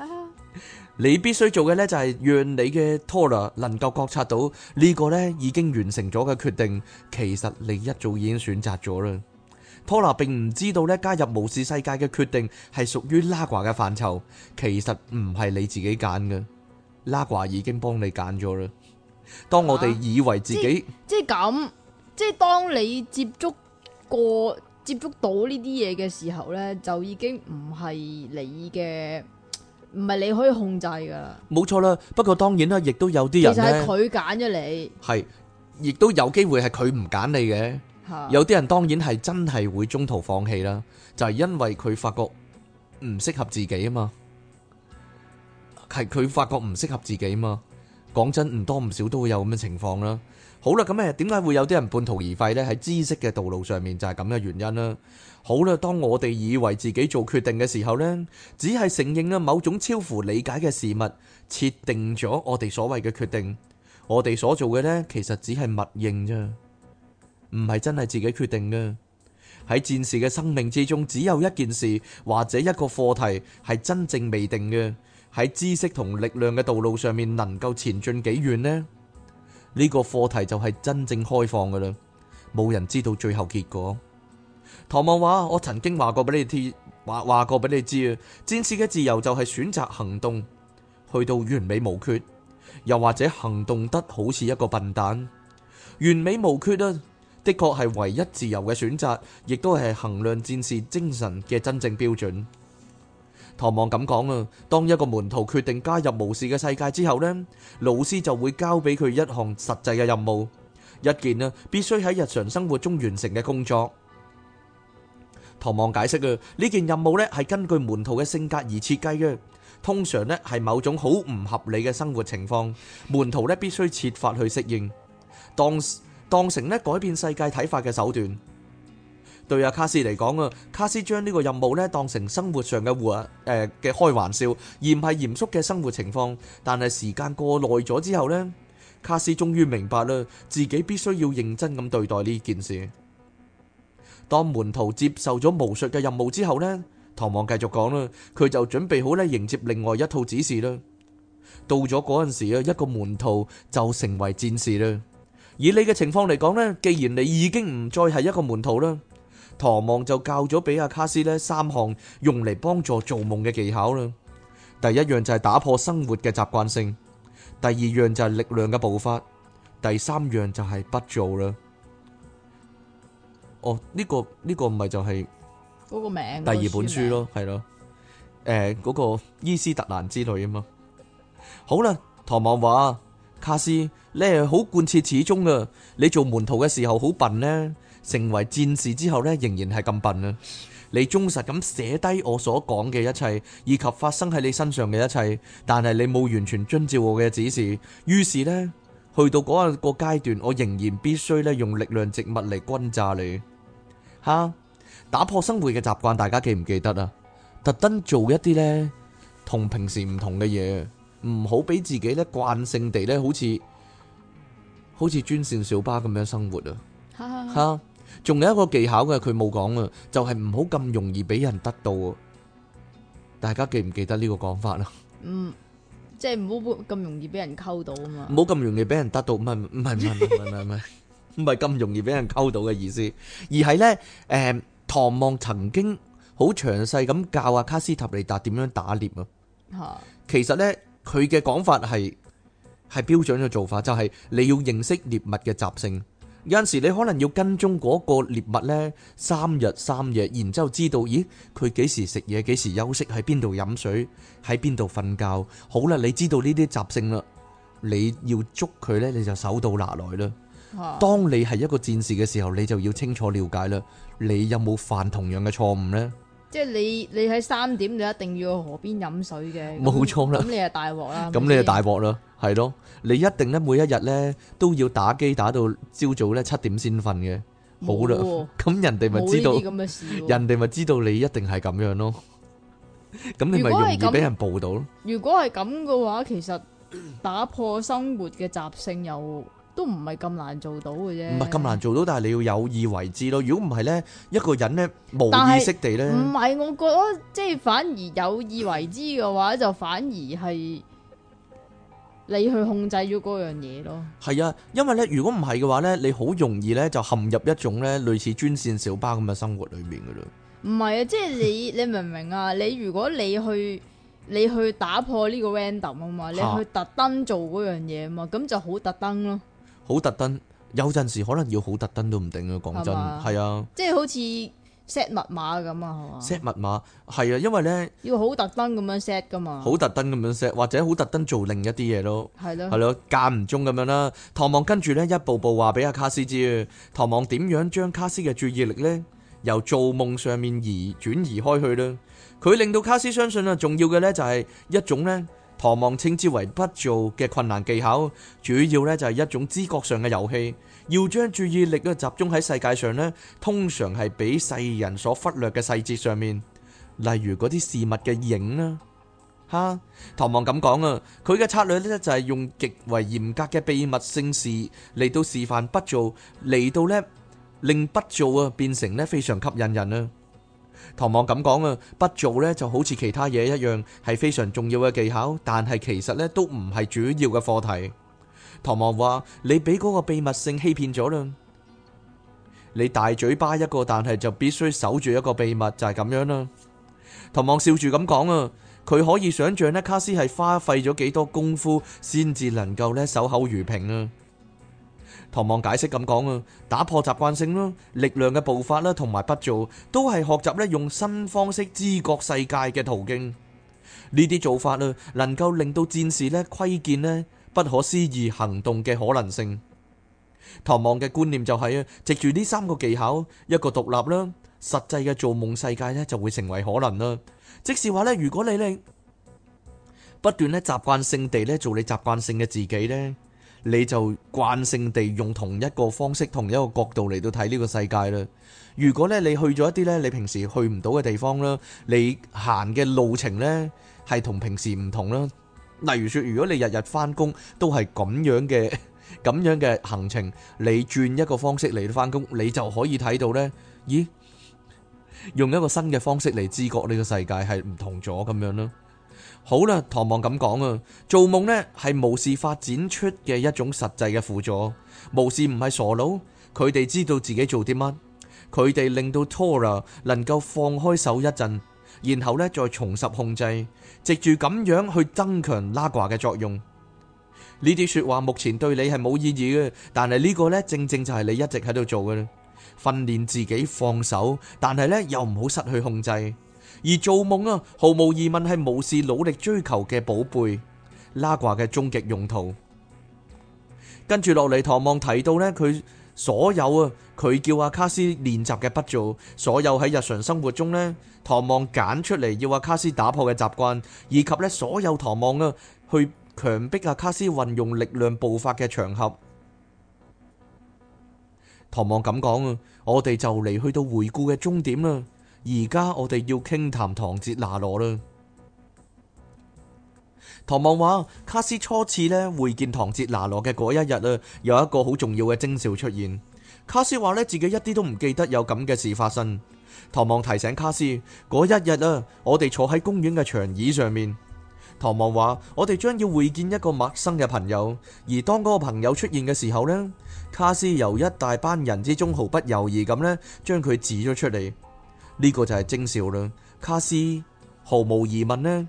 你必須做嘅咧，就係讓你嘅托納能夠覺察到呢個咧已經完成咗嘅決定，其實你一早已經選擇咗啦。托納並唔知道咧加入巫士世界嘅決定係屬於拉瓜嘅範疇，其實唔係你自己揀嘅，拉瓜已經幫你揀咗啦。當我哋以為自己即係咁，即係當你接觸過、接觸到呢啲嘢嘅時候咧，就已經唔係你嘅。唔係你可以控制㗎，冇錯啦。不過當然啦，亦都有啲人其實係佢揀咗你，係亦都有機會係佢唔揀你嘅。有啲人當然係真係會中途放棄啦，就係因為佢發覺唔適合自己啊嘛。係佢發覺唔適合自己啊嘛。講真，唔多唔少都會有咁嘅情況啦。好啦，咁誒，點解會有啲人半途而廢呢？喺知識嘅道路上面就係咁嘅原因啦。好啦，當我哋以為自己做決定嘅時候呢，只係承認咗某種超乎理解嘅事物設定咗我哋所謂嘅決定，我哋所做嘅呢，其實只係默認啫，唔係真係自己決定嘅。喺戰士嘅生命之中，只有一件事或者一個課題係真正未定嘅。喺知識同力量嘅道路上面，能夠前進幾遠呢？呢個課題就係真正開放嘅啦，冇人知道最後結果。唐望話：我曾經話過俾你聽，話話過俾你知啊，戰士嘅自由就係選擇行動，去到完美無缺，又或者行動得好似一個笨蛋。完美無缺啊，的確係唯一自由嘅選擇，亦都係衡量戰士精神嘅真正標準。唐望咁講啊，當一個門徒決定加入巫士嘅世界之後呢，老師就會交俾佢一項實際嘅任務，一件啊必須喺日常生活中完成嘅工作。唐望解釋啊，呢件任務呢係根據門徒嘅性格而設計嘅，通常呢係某種好唔合理嘅生活情況，門徒呢必須設法去適應，當當成呢改變世界睇法嘅手段。對阿卡斯嚟講啊，卡斯將呢個任務咧，當成生活上嘅活誒嘅開玩笑，而唔係嚴肅嘅生活情況。但係時間過耐咗之後咧，卡斯終於明白啦，自己必須要認真咁對待呢件事。當門徒接受咗巫術嘅任務之後咧，唐望繼續講啦，佢就準備好咧迎接另外一套指示啦。到咗嗰陣時啊，一個門徒就成為戰士啦。以你嘅情況嚟講咧，既然你已經唔再係一個門徒啦。唐望就教咗俾阿卡斯呢三項用嚟幫助做夢嘅技巧啦。第一樣就係打破生活嘅習慣性，第二樣就係力量嘅步伐，第三樣就係不做啦。哦，呢個呢個唔係就係嗰個名，第二本書咯，係咯，誒嗰個伊斯特蘭之旅啊嘛。好啦，唐望話：卡斯，你係好貫徹始終啊！你做門徒嘅時候好笨呢。成為戰士之後呢，仍然係咁笨啊！你忠實咁寫低我所講嘅一切，以及發生喺你身上嘅一切，但係你冇完全遵照我嘅指示。於是呢，去到嗰一個階段，我仍然必須咧用力量植物嚟轟炸你。吓！打破生活嘅習慣，大家記唔記得啊？特登做一啲呢，同平時唔同嘅嘢，唔好俾自己呢慣性地呢，好似好似專線小巴咁樣生活啊！吓！ (laughs) 仲有一個技巧嘅，佢冇講啊，就係唔好咁容易俾人得到啊。大家記唔記得呢個講法啊？嗯，即係唔好咁容易俾人溝到啊嘛。唔好咁容易俾人得到，唔係唔係唔係唔係唔係唔係咁容易俾人溝到嘅意思，而係呢，誒，唐望曾經好詳細咁教阿卡斯塔利達點樣打獵啊。吓，其實呢，佢嘅講法係係標準嘅做法，就係你要認識獵物嘅習性。有陣時你可能要跟蹤嗰個獵物咧，三日三夜，然之後知道，咦，佢幾時食嘢，幾時休息，喺邊度飲水，喺邊度瞓覺。好啦，你知道呢啲習性啦，你要捉佢咧，你就手到拿來啦。當你係一個戰士嘅時候，你就要清楚了解啦，你有冇犯同樣嘅錯誤咧？即係你，你喺三點，你一定要去河邊飲水嘅。冇錯啦，咁你就大鑊啦。咁你就大鑊啦。係咯，你一定咧每一日咧都要打機打到朝早咧七點先瞓嘅，好啦，咁人哋咪知道咁嘅事，人哋咪知道你一定係咁樣咯。咁你咪容易俾人報到咯。如果係咁嘅話，其實打破生活嘅習性又都唔係咁難做到嘅啫。唔係咁難做到，但係你要有意為之咯。如果唔係咧，一個人咧無意識地咧，唔係，我覺得即係反而有意為之嘅話，就反而係。你去控制咗嗰樣嘢咯，係啊，因為咧，如果唔係嘅話咧，你好容易咧就陷入一種咧類似專綫小巴咁嘅生活裏面噶啦。唔係啊，即係你你明唔明啊？ (laughs) 你如果你去你去打破呢個 random 啊嘛，你去特登做嗰樣嘢啊嘛，咁就好特登咯，好特登。有陣時可能要好特登都唔定吧啊，講真，係啊，即係好似。set 密碼咁啊，set 密碼，係啊，因為咧要好特登咁樣 set 噶嘛，好特登咁樣 set，或者好特登做另一啲嘢咯，係咯的，係咯，間唔中咁樣啦。唐望跟住咧一步步話俾阿卡斯知，啊。唐望點樣將卡斯嘅注意力咧由做夢上面移轉移開去呢？佢令到卡斯相信啊，重要嘅咧就係一種咧唐望稱之為不做嘅困難技巧，主要咧就係一種知覺上嘅遊戲。要將注意力啊集中喺世界上咧，通常係俾世人所忽略嘅細節上面，例如嗰啲事物嘅影啊。吓，唐望咁講啊，佢嘅策略咧就係用極為嚴格嘅秘密性事嚟到示範不做，嚟到咧令不做啊變成咧非常吸引人啊。唐望咁講啊，不做咧就好似其他嘢一樣係非常重要嘅技巧，但係其實咧都唔係主要嘅課題。唐望話：你俾嗰個秘密性欺騙咗啦！你大嘴巴一個，但係就必須守住一個秘密，就係咁樣啦。唐望笑住咁講啊，佢可以想象咧，卡斯係花費咗幾多功夫先至能夠咧守口如瓶啊。唐望解釋咁講啊，打破習慣性咯，力量嘅步伐啦，同埋不做，都係學習咧用新方式知覺世界嘅途徑。呢啲做法啦，能夠令到戰士咧窺見咧。不可思議行動嘅可能性，唐望嘅觀念就係啊，藉住呢三個技巧，一個獨立啦，實際嘅造夢世界咧就會成為可能啦。即是話咧，如果你咧不斷咧習慣性地咧做你習慣性嘅自己咧，你就慣性地用同一個方式、同一個角度嚟到睇呢個世界啦。如果咧你去咗一啲咧你平時去唔到嘅地方啦，你行嘅路程咧係同平時唔同啦。例如說，如果你日日翻工都係咁樣嘅咁樣嘅行程，你轉一個方式嚟翻工，你就可以睇到咧。咦，用一個新嘅方式嚟知覺呢個世界係唔同咗咁樣咯。好啦，唐望咁講啊，做夢咧係巫士發展出嘅一種實際嘅輔助。巫士唔係傻佬，佢哋知道自己做啲乜，佢哋令到托勒能夠放開手一陣。然後咧，再重拾控制，藉住咁樣去增強拉掛嘅作用。呢啲說話目前對你係冇意義嘅，但係呢個咧正正就係你一直喺度做嘅，訓練自己放手，但係咧又唔好失去控制。而做夢啊，毫無疑問係巫士努力追求嘅寶貝，拉掛嘅終極用途。跟住落嚟，唐望提到呢，佢所有啊，佢叫阿卡斯練習嘅不做；所有喺日常生活中呢，唐望揀出嚟要阿卡斯打破嘅習慣，以及呢所有唐望啊，去強迫阿卡斯運用力量步發嘅場合。唐望咁講啊，我哋就嚟去到回顧嘅終點啦。而家我哋要傾談唐哲拿羅啦。唐望話：卡斯初次呢會見唐哲拿羅嘅嗰一日啊，有一個好重要嘅徵兆出現。卡斯話呢，自己一啲都唔記得有咁嘅事發生。唐望提醒卡斯嗰一日啊，我哋坐喺公園嘅長椅上面。唐望話：我哋將要會見一個陌生嘅朋友，而當嗰個朋友出現嘅時候呢，卡斯由一大班人之中毫不猶豫咁呢將佢指咗出嚟。呢個就係徵兆啦。卡斯毫無疑問呢。」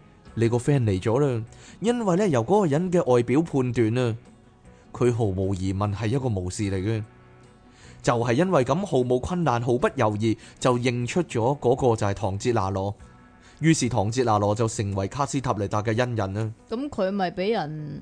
你個 friend 嚟咗啦，因為咧，由嗰個人嘅外表判斷啊，佢毫無疑問係一個巫師嚟嘅，就係、是，因為咁毫無困難、毫不猶豫就認出咗嗰個就係唐哲娜羅，於是唐哲娜羅就成為卡斯塔尼達嘅恩人啦。咁佢咪俾人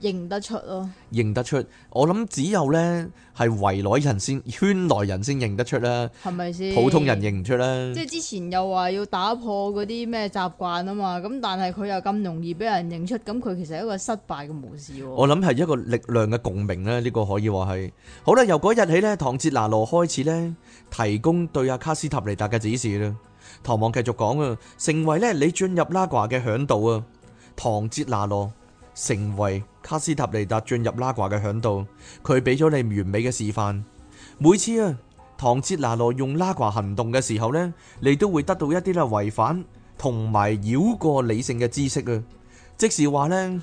認得出咯，認得出。我諗只有咧係圍內人先，圈內人先認得出啦。係咪先？普通人認唔出啦。即係之前又話要打破嗰啲咩習慣啊嘛，咁但係佢又咁容易俾人認出，咁佢其實一個失敗嘅模式喎、啊。我諗係一個力量嘅共鳴咧，呢、這個可以話係。好啦，由嗰日起咧，唐哲拿羅開始咧，提供對阿卡斯塔尼達嘅指示啦。唐網繼續講啊，成為咧你進入拉華嘅向度啊，唐哲拿羅。成為卡斯塔尼達進入拉瓜嘅響度，佢俾咗你完美嘅示範。每次啊，唐切拿羅用拉瓜行動嘅時候呢，你都會得到一啲咧違反同埋繞過理性嘅知識啊。即是話呢，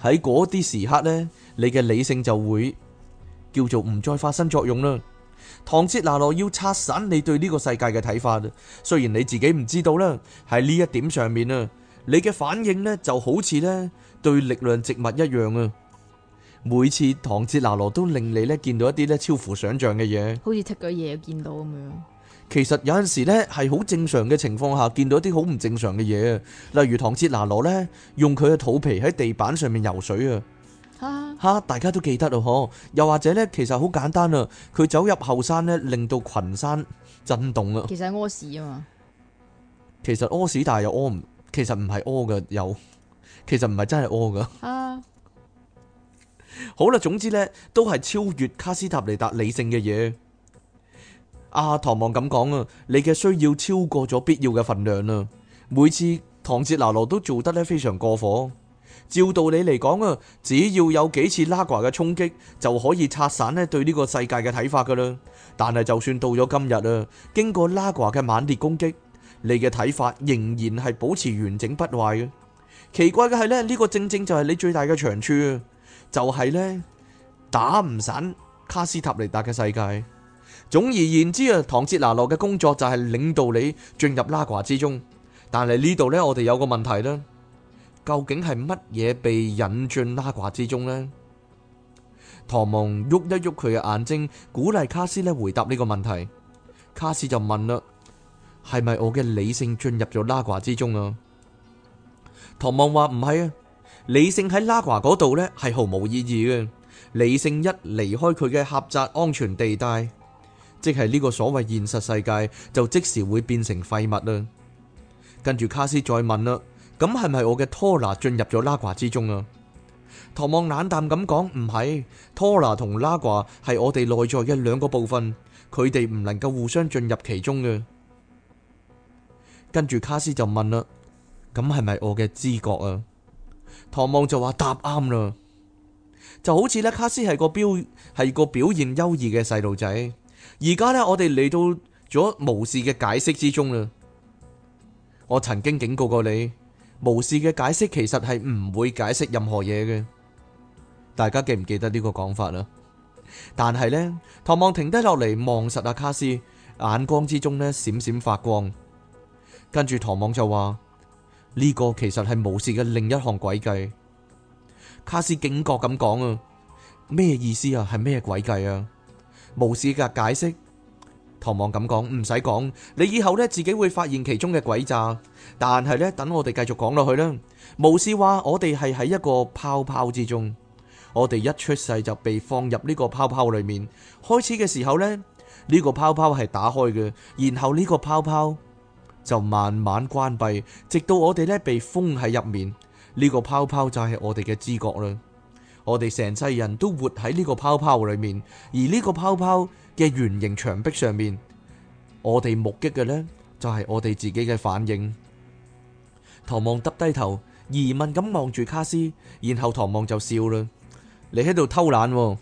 喺嗰啲時刻呢，你嘅理性就會叫做唔再發生作用啦。唐切拿羅要拆散你對呢個世界嘅睇法，雖然你自己唔知道啦，喺呢一點上面啊。你嘅反應呢就好似呢對力量植物一樣啊！每次唐哲拿羅都令你呢見到一啲呢超乎想象嘅嘢，好似踢鬼嘢見到咁樣。其實有陣時呢係好正常嘅情況下見到一啲好唔正常嘅嘢，例如唐哲拿羅呢，用佢嘅肚皮喺地板上面游水啊！吓，大家都記得啊！嗬，又或者呢其實好簡單啊！佢走入後山呢，令到群山震動啊！其實屙屎啊嘛，其實屙屎，但係又屙唔。其實唔係屙嘅，有其實唔係真係屙噶。啊，好啦，總之呢，都係超越卡斯塔尼達理性嘅嘢。阿唐望咁講啊，你嘅需要超過咗必要嘅份量啦。每次唐哲拿羅都做得呢非常過火。照道理嚟講啊，只要有幾次拉瓜嘅衝擊，就可以拆散呢對呢個世界嘅睇法噶啦。但係就算到咗今日啊，經過拉瓜嘅猛烈攻擊。你嘅睇法仍然係保持完整不壞嘅，奇怪嘅係咧，呢個正正就係你最大嘅長處，就係咧打唔散卡斯塔尼達嘅世界。總而言之啊，唐哲拿洛嘅工作就係領導你進入拉瓜之中。但係呢度咧，我哋有個問題啦，究竟係乜嘢被引進拉瓜之中咧？唐蒙喐一喐佢嘅眼睛，鼓勵卡斯咧回答呢個問題。卡斯就問啦。係咪我嘅理性進入咗拉瓜之中啊？唐望話唔係啊，理性喺拉瓜嗰度呢係毫無意義嘅。理性一離開佢嘅狹窄安全地帶，即係呢個所謂現實世界，就即時會變成廢物啦。跟住卡斯再問啦，咁係咪我嘅拖拿進入咗拉瓜之中啊？唐望冷淡咁講唔係，拖拿同拉瓜係我哋內在嘅兩個部分，佢哋唔能夠互相進入其中嘅。跟住，卡斯就問啦：咁係咪我嘅知覺啊？唐望就話答啱啦，就好似咧，卡斯係個表係個表現優異嘅細路仔。而家咧，我哋嚟到咗無事嘅解釋之中啦。我曾經警告過你，無事嘅解釋其實係唔會解釋任何嘢嘅。大家記唔記得呢個講法啦？但係咧，唐望停低落嚟望實阿卡斯，眼光之中咧閃閃發光。跟住唐望就話呢個其實係巫士嘅另一項詭計。卡斯警覺咁講啊，咩意思啊？係咩詭計？啊巫士嘅解釋。唐望咁講，唔使講，你以後咧自己會發現其中嘅詭詐。但係咧，等我哋繼續講落去啦。巫士話我哋係喺一個泡泡之中，我哋一出世就被放入呢個泡泡裏面。開始嘅時候呢，呢個泡泡係打開嘅，然後呢個泡泡。就慢慢關閉，直到我哋呢被封喺入面。呢個泡泡就係我哋嘅知覺啦。我哋成世人都活喺呢個泡泡裏面，而呢個泡泡嘅圓形牆壁上面，我哋目擊嘅呢就係我哋自己嘅反應。唐望耷低頭，疑問咁望住卡斯，然後唐望就笑啦：你喺度偷懶喎，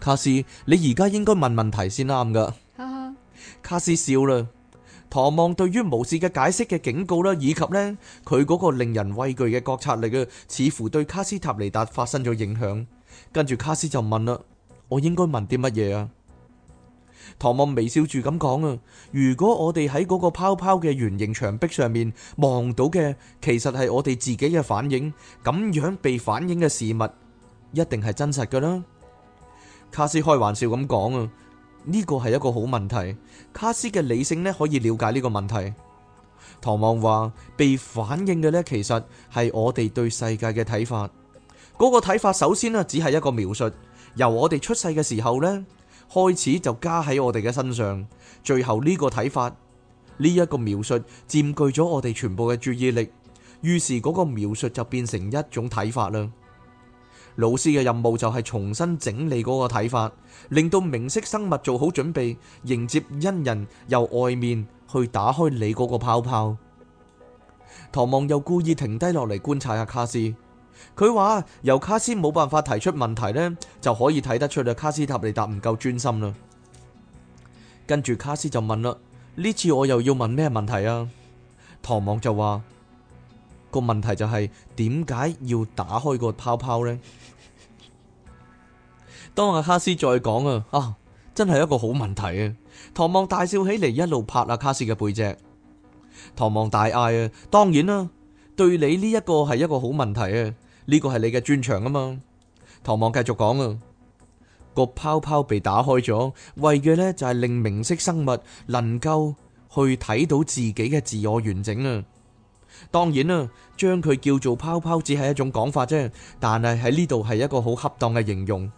卡斯，你而家應該問問題先啱噶。好好卡斯笑啦。唐望對於無視嘅解釋嘅警告啦，以及呢，佢嗰個令人畏懼嘅覺察力嘅，似乎對卡斯塔尼達發生咗影響。跟住卡斯就問啦：我應該問啲乜嘢啊？唐望微笑住咁講啊：如果我哋喺嗰個泡泡嘅圓形牆壁上面望到嘅，其實係我哋自己嘅反應，咁樣被反映嘅事物，一定係真實噶啦。卡斯開玩笑咁講啊。呢個係一個好問題，卡斯嘅理性呢，可以了解呢個問題。唐望話：被反映嘅呢，其實係我哋對世界嘅睇法。嗰、那個睇法首先啦，只係一個描述，由我哋出世嘅時候呢開始就加喺我哋嘅身上。最後呢個睇法，呢、這、一個描述佔據咗我哋全部嘅注意力，於是嗰個描述就變成一種睇法啦。老師嘅任務就係重新整理嗰個睇法，令到明晰生物做好準備，迎接恩人由外面去打開你嗰個泡泡。唐望又故意停低落嚟觀察下卡斯，佢話由卡斯冇辦法提出問題呢，就可以睇得出啦。卡斯塔利達唔夠專心啦。跟住卡斯就問啦，呢次我又要問咩問題啊？唐望就話，個問題就係點解要打開個泡泡呢？」當阿卡斯再講啊，啊，真係一個好問題啊！唐望大笑起嚟，一路拍阿卡斯嘅背脊。唐望大嗌啊，當然啦，對你呢一個係一個好問題啊，呢個係你嘅專長啊嘛。唐望繼續講啊，個泡泡被打開咗，為嘅呢就係令明識生物能夠去睇到自己嘅自我完整啊。當然啦，將佢叫做泡泡只係一種講法啫，但係喺呢度係一個好恰當嘅形容。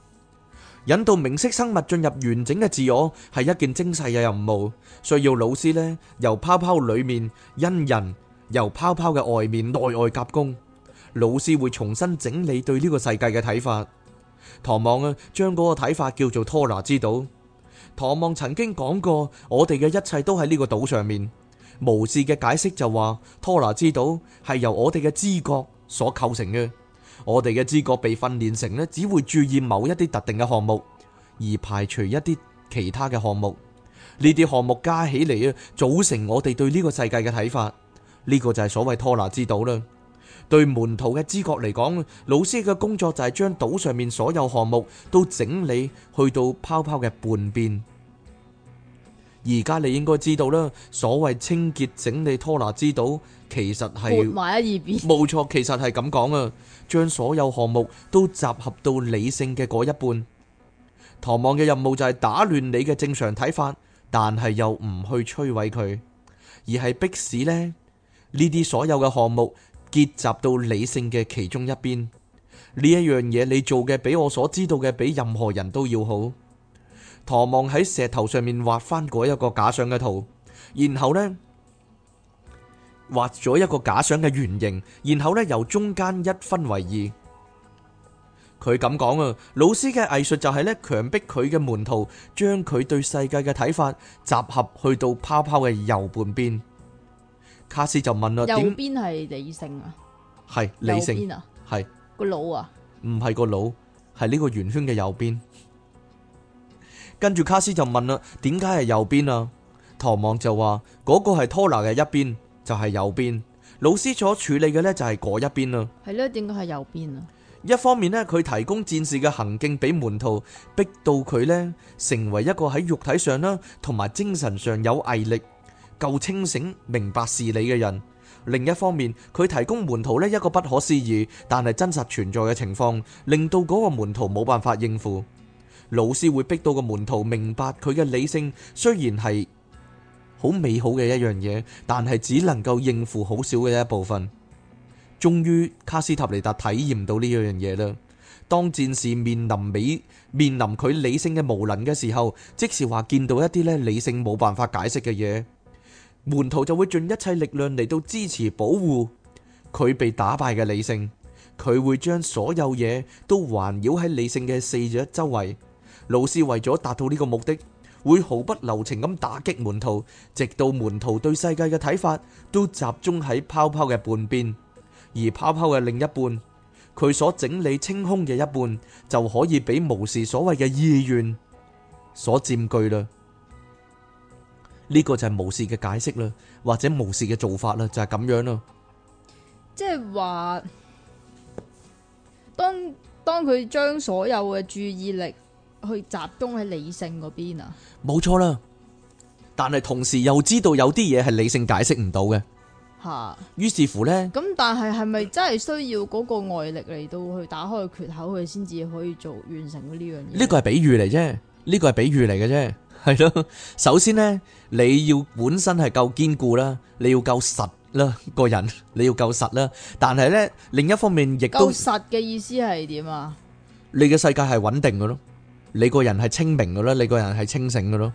引導明晰生物進入完整嘅自我係一件精細嘅任務，需要老師呢由泡泡裏面因人，由泡泡嘅外面內外夾攻。老師會重新整理對呢個世界嘅睇法。唐望啊，將嗰個睇法叫做托納之島。唐望曾經講過，我哋嘅一切都喺呢個島上面。巫士嘅解釋就話，托納之島係由我哋嘅知覺所構成嘅。我哋嘅知覺被訓練成呢只會注意某一啲特定嘅項目，而排除一啲其他嘅項目。呢啲項目加起嚟啊，組成我哋對呢個世界嘅睇法。呢個就係所謂拖拿之島啦。對門徒嘅知覺嚟講，老師嘅工作就係將島上面所有項目都整理去到泡泡嘅半邊。而家你應該知道啦，所謂清潔整理拖拿之島，其實係冇錯，其實係咁講啊，將所有項目都集合到理性嘅嗰一半。唐望嘅任務就係打亂你嘅正常睇法，但係又唔去摧毀佢，而係迫使呢，呢啲所有嘅項目結集到理性嘅其中一邊。呢一樣嘢你做嘅比我所知道嘅比任何人都要好。唐望喺石頭上面畫翻嗰一個假想嘅圖，然後呢，畫咗一個假想嘅圓形，然後呢，由中間一分為二。佢咁講啊，老師嘅藝術就係呢，強迫佢嘅門徒將佢對世界嘅睇法集合去到泡泡嘅右半邊。卡斯就問啦：右邊係理性啊？係理性啊？係個腦啊？唔係個腦，係呢個圓圈嘅右邊。跟住卡斯就問啦，點解係右邊啊？唐望就話嗰個係拖拿嘅一邊，就係右邊。老師所處理嘅呢，就係嗰一邊啊。係咧，點解係右邊啊？一方面呢，佢提供戰士嘅行徑，俾門徒逼到佢呢成為一個喺肉體上啦，同埋精神上有毅力、夠清醒、明白事理嘅人。另一方面，佢提供門徒呢一個不可思議但係真實存在嘅情況，令到嗰個門徒冇辦法應付。老師會逼到個門徒明白佢嘅理性，雖然係好美好嘅一樣嘢，但係只能夠應付好少嘅一部分。終於卡斯塔尼達體驗到呢樣嘢啦。當戰士面臨美面臨佢理性嘅無能嘅時候，即使話見到一啲咧理性冇辦法解釋嘅嘢，門徒就會盡一切力量嚟到支持保護佢被打敗嘅理性，佢會將所有嘢都環繞喺理性嘅四者周圍。老師為咗達到呢個目的，會毫不留情咁打擊門徒，直到門徒對世界嘅睇法都集中喺泡泡嘅半邊，而泡泡嘅另一半，佢所整理清空嘅一半，就可以俾無視所謂嘅意願所佔據啦。呢個就係無視嘅解釋啦，或者無視嘅做法啦，就係咁樣啦。即係話，當當佢將所有嘅注意力。去集中喺理性嗰邊啊，冇錯啦。但係同時又知道有啲嘢係理性解釋唔到嘅，吓。於是乎呢，咁但係係咪真係需要嗰個外力嚟到去打開缺口，佢先至可以做完成呢樣嘢？呢個係比喻嚟啫，呢個係比喻嚟嘅啫，係咯。首先呢，你要本身係夠堅固啦，你要夠實啦，個人你要夠實啦。但係呢，另一方面亦都夠實嘅意思係點啊？你嘅世界係穩定嘅咯。你個人係清明嘅咯，你個人係清醒嘅咯。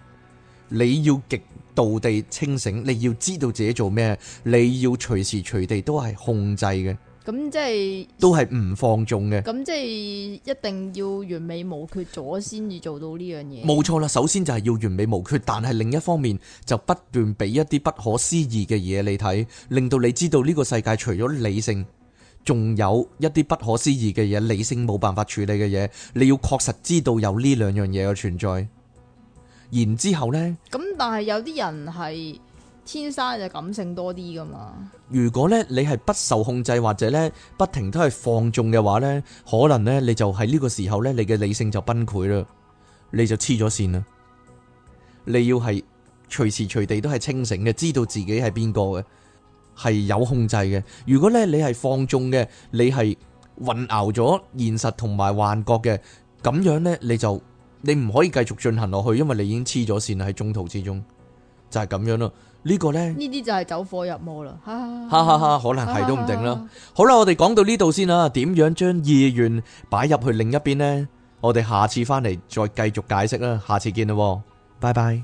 你要極度地清醒，你要知道自己做咩，你要隨時隨地都係控制嘅，咁即係都係唔放縱嘅。咁即係一定要完美無缺咗先至做到呢樣嘢。冇錯啦，首先就係要完美無缺，但係另一方面就不斷俾一啲不可思議嘅嘢你睇，令到你知道呢個世界除咗理性。仲有一啲不可思議嘅嘢，理性冇辦法處理嘅嘢，你要確實知道有呢兩樣嘢嘅存在。然之後呢，咁但係有啲人係天生就感性多啲噶嘛。如果呢你係不受控制或者呢不停都係放縱嘅話呢，可能呢你就喺呢個時候呢，你嘅理性就崩潰啦，你就黐咗線啦。你要係隨時隨地都係清醒嘅，知道自己係邊個嘅。係有控制嘅，如果咧你係放縱嘅，你係混淆咗現實同埋幻覺嘅，咁樣呢，你就你唔可以繼續進行落去，因為你已經黐咗線喺中途之中，就係、是，咁樣咯。呢、呢個呢，呢啲就係走火入魔啦！哈哈哈，可能係都唔定啦。 (laughs) (laughs) 好啦，我哋講到呢度先啦，點樣將意願擺入去另一邊呢？我哋下次翻嚟再繼續解釋啦，下次見啦，拜拜。